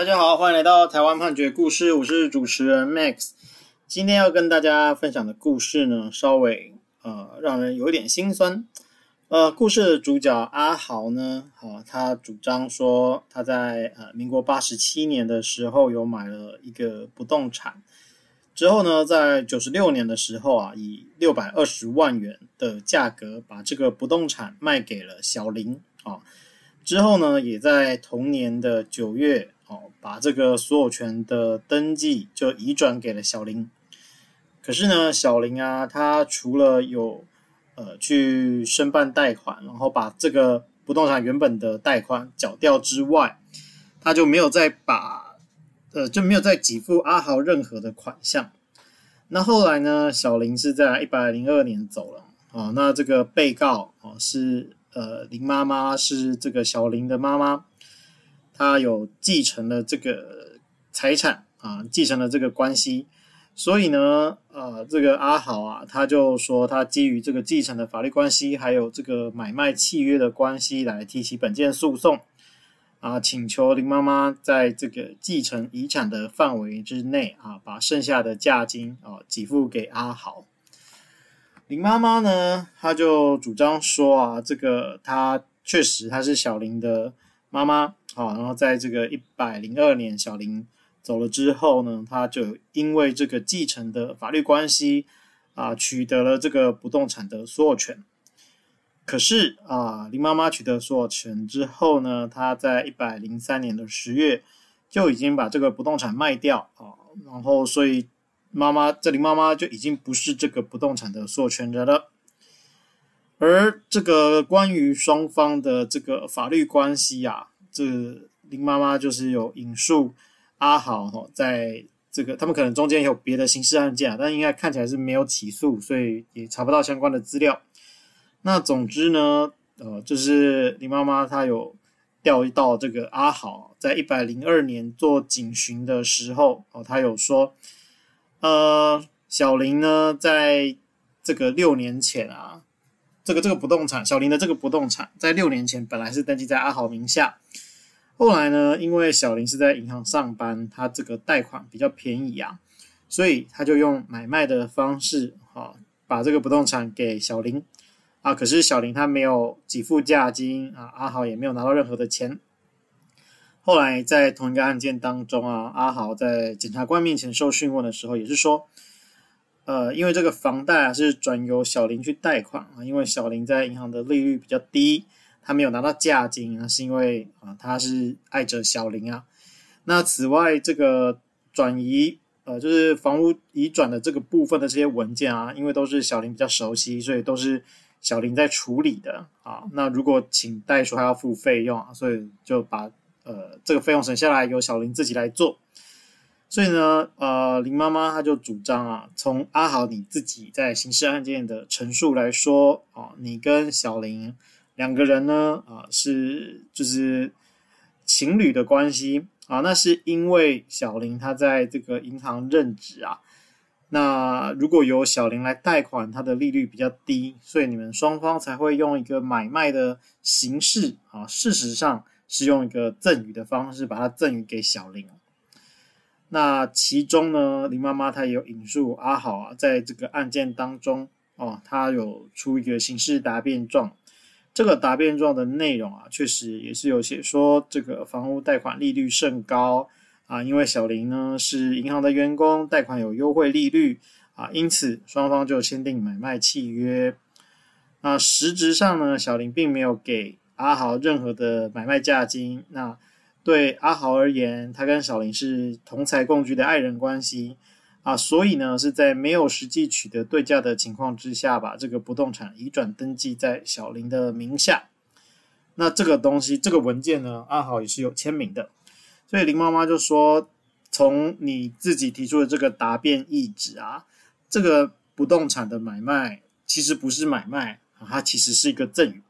大家好，歡迎來到台灣判決故事。我是主持人 Max。今天要跟大家分享的故事呢，稍微呃讓人有一點心酸。呃，故事的主角阿豪呢，啊、哦，他主張說他在呃民國八十七年的時候有買了一個不動產，之後呢，在九十六年的時候啊，以六百二十萬元的價格把這個不動產賣給了小林啊、哦。之後呢，也在同年的九月。哦，把這個所有權的登記就移轉給了小林。可是呢，小林啊，他除了有呃去申辦貸款，然後把這個不動產原本的貸款繳掉之外，他就沒有再把呃就沒有再給付阿豪任何的款項。那後來呢，小林是在一百零二年走了。啊、呃，那這個被告啊是呃林媽媽，是這個小林的媽媽。他有繼承了這個財產啊，繼承了這個關係，所以呢，呃，這個阿豪啊，他就說他基於這個繼承的法律關係，還有這個買賣契約的關係來提起本件訴訟，啊，請求林媽媽在這個繼承遺產的範圍之內啊，把剩下的價金啊給付給阿豪。林媽媽呢，他就主張說啊，這個他確實他是小林的。媽媽好，然後在這個一百零二年，小林走了之後呢，他就因為這個繼承的法律關係啊，取得了這個不動產的所有權。可是啊，林媽媽取得所有權之後呢，她在一百零三年的十月就已經把這個不動產賣掉啊，然後所以媽媽，這林媽媽就已經不是這個不動產的所有權人了。而這個關於雙方的這個法律關係啊，這個、林媽媽就是有引述阿豪哦，在這個他們可能中間有別的刑事案件，啊，但應該看起來是沒有起訴，所以也查不到相關的資料。那總之呢，呃，就是林媽媽她有調到這個阿豪在一百零二年做警詢的時候哦，她有說，呃，小林呢在這個六年前啊。這個這個不動產，小林的這個不動產在六年前本來是登記在阿豪名下，後來呢，因為小林是在銀行上班，他這個貸款比較便宜啊，所以他就用買賣的方式，哈、啊，把這個不動產給小林啊。可是小林他沒有給付價金啊，阿豪也沒有拿到任何的錢。後來在同一個案件當中啊，阿豪在檢察官面前受訊問的時候，也是說。呃，因為這個房貸啊是轉由小林去貸款啊，因為小林在銀行的利率比較低，他沒有拿到價金啊，那是因為啊他是愛着小林啊。那此外，這個轉移呃就是房屋移轉的這個部分的這些文件啊，因為都是小林比較熟悉，所以都是小林在處理的啊。那如果請代書還要付費用，所以就把呃這個費用省下來，由小林自己來做。所以呢，呃，林媽媽她就主張啊，從阿豪你自己在刑事案件的陳述來說啊，你跟小林兩個人呢，啊是就是情侶的關係啊，那是因為小林他在這個銀行任職啊，那如果由小林來貸款，他的利率比較低，所以你們雙方才會用一個買賣的形式啊，事實上是用一個贈與的方式把它贈與給小林。那其中呢，林媽媽她有引述阿豪啊，在這個案件當中哦，他有出一個刑事答辯狀，這個答辯狀的內容啊，確實也是有寫說這個房屋貸款利率甚高啊，因為小林呢是銀行的員工，貸款有優惠利率啊，因此雙方就簽訂買賣契約。那實質上呢，小林並沒有給阿豪任何的買賣價金。那。對阿豪而言，他跟小林是同財共居的愛人關係啊，所以呢是在沒有實際取得對價的情況之下，把這個不動產移轉登記在小林的名下。那這個東西，這個文件呢，阿豪也是有簽名的。所以林媽媽就說：“從你自己提出的這個答辯意旨啊，這個不動產的買賣其實不是買賣，它其實是一個贈與。”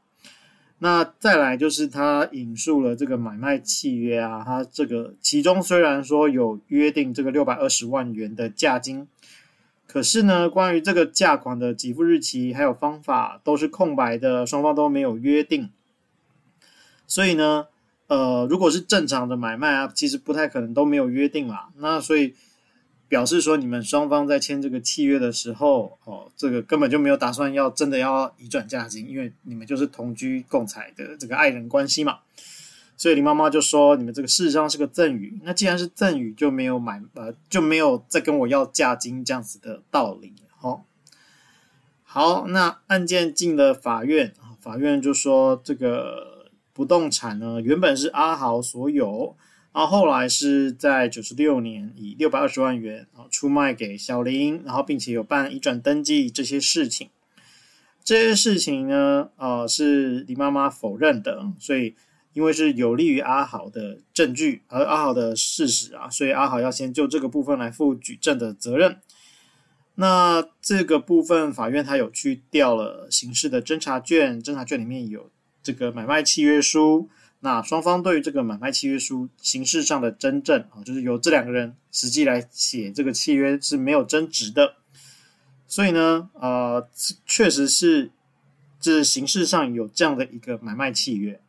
那再來就是他引述了這個買賣契約啊，他這個其中雖然說有約定這個六百二十萬元的價金，可是呢，關於這個價款的給付日期還有方法都是空白的，雙方都沒有約定。所以呢，呃，如果是正常的買賣啊，其實不太可能都沒有約定啦。那所以。表示說，你們雙方在簽這個契約的時候，哦，這個根本就沒有打算要真的要移轉價金，因為你們就是同居共財的這個愛人關係嘛。所以林媽媽就說，你們這個事實上是個贈與，那既然是贈與，就沒有買呃，就沒有再跟我要價金這樣子的道理。好、哦，好，那案件進了法院，法院就說這個不動產呢，原本是阿豪所有。然後後來是在九十六年以六百二十萬元，然後出賣給小林，然後並且有辦移轉登記這些事情，這些事情呢，啊、呃，是林媽媽否認的，所以因為是有利於阿豪的證據，而阿豪的事實啊，所以阿豪要先就這個部分來負舉證的責任。那這個部分法院他有去調了刑事的偵查卷，偵查卷裡面有這個買賣契約書。那雙方對於這個買賣契約書形式上的真正啊，就是由這兩個人實際來寫這個契約是沒有爭執的，所以呢，呃，確實是，這是形式上有這樣的一個買賣契約。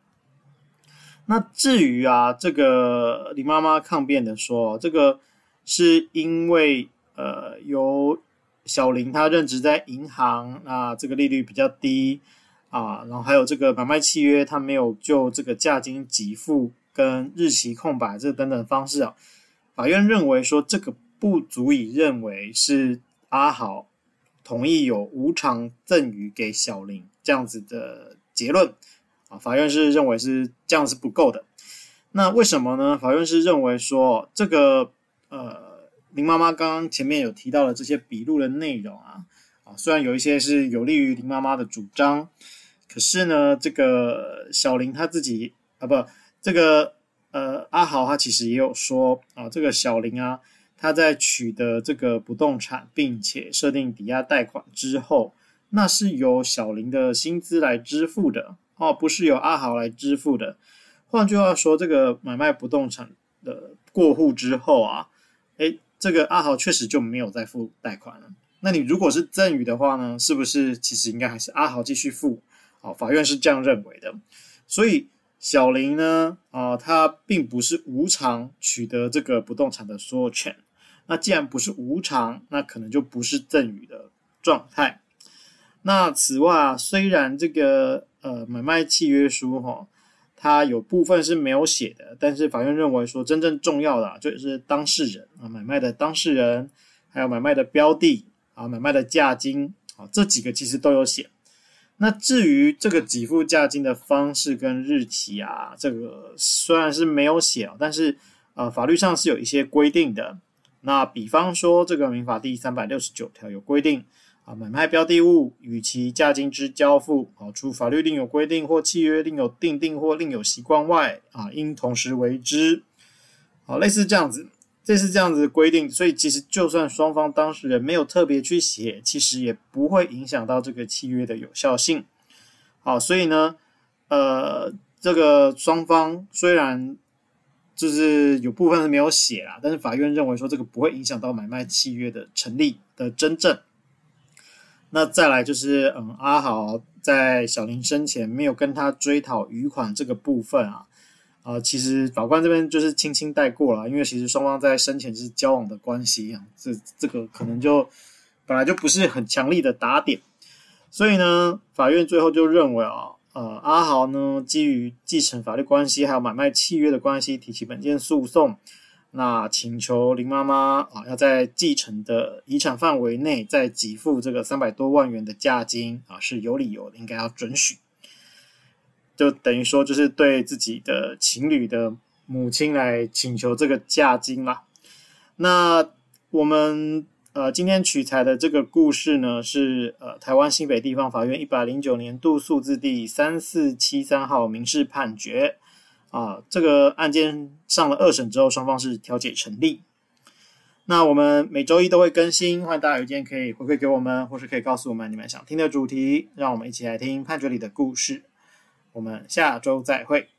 那至於啊，這個林媽媽抗辯的說，這個是因為呃，由小林他任職在銀行，啊，這個利率比較低。啊，然後還有這個買賣契約，他沒有就這個價金給付跟日期空白這等等方式啊，法院認為說這個不足以認為是阿豪同意有無償贈與給小林這樣子的結論啊，法院是認為是這樣是不夠的。那為什麼呢？法院是認為說這個呃林媽媽剛剛前面有提到的這些筆錄的內容啊啊，雖然有一些是有利於林媽媽的主張。可是呢，這個小林他自己啊，不，這個呃阿豪他其實也有說啊，這個小林啊，他在取得這個不動產，並且設定抵押貸款之後，那是由小林的薪資來支付的哦，啊，不是由阿豪來支付的。換句話說，這個買賣不動產的過戶之後啊，哎，這個阿豪確實就沒有再付貸款了。那你如果是贈與的話呢，是不是其實應該還是阿豪繼續付？好，法院是這樣認為的，所以小林呢，啊、呃，他並不是無償取得這個不動產的所有權。那既然不是無償，那可能就不是贈與的狀態。那此外，雖然這個呃買賣契約書哈，它有部分是沒有寫的，但是法院認為說真正重要的、啊、就是當事人啊，買賣的當事人，還有買賣的標的啊，買賣的價金啊，這幾個其實都有寫。那至於這個給付價金的方式跟日期啊，這個雖然是沒有寫，但是啊、呃、法律上是有一些規定的。那比方說這個民法第三百六十九條有規定啊，買賣標的物與其價金之交付，啊除法律另有規定或契約另有訂定或另有習慣外，啊應同時為之。好、啊，類似這樣子。這是這樣子的規定，所以其實就算雙方當事人沒有特別去寫，其實也不會影響到這個契約的有效性。好，所以呢，呃，這個雙方雖然就是有部分是沒有寫啊，但是法院認為說這個不會影響到買賣契約的成立的真正。那再來就是，嗯，阿豪在小林生前沒有跟他追討餘款這個部分啊。啊、呃，其實法官這邊就是輕輕帶過了，因為其實雙方在生前是交往的關係啊，這這個可能就本來就不是很強力的打點，所以呢，法院最後就認為啊，呃，阿豪呢基於繼承法律關係還有買賣契約的關係提起本件訴訟，那請求林媽媽啊要在繼承的遺產範圍內再給付這個三百多萬元的價金啊是有理由的，應該要准許。就等於說，就是對自己的情侶的母親來請求這個價金啦，那我們呃，今天取材的這個故事呢，是呃，台灣新北地方法院一百零九年度訴字第三四七三號民事判決啊、呃。這個案件上了二審之後，雙方是調解成立。那我們每周一都會更新，歡迎大家有意見可以回饋給我們，或是可以告訴我們你們想聽的主題，讓我們一起來聽判決裡的故事。我們下周再會。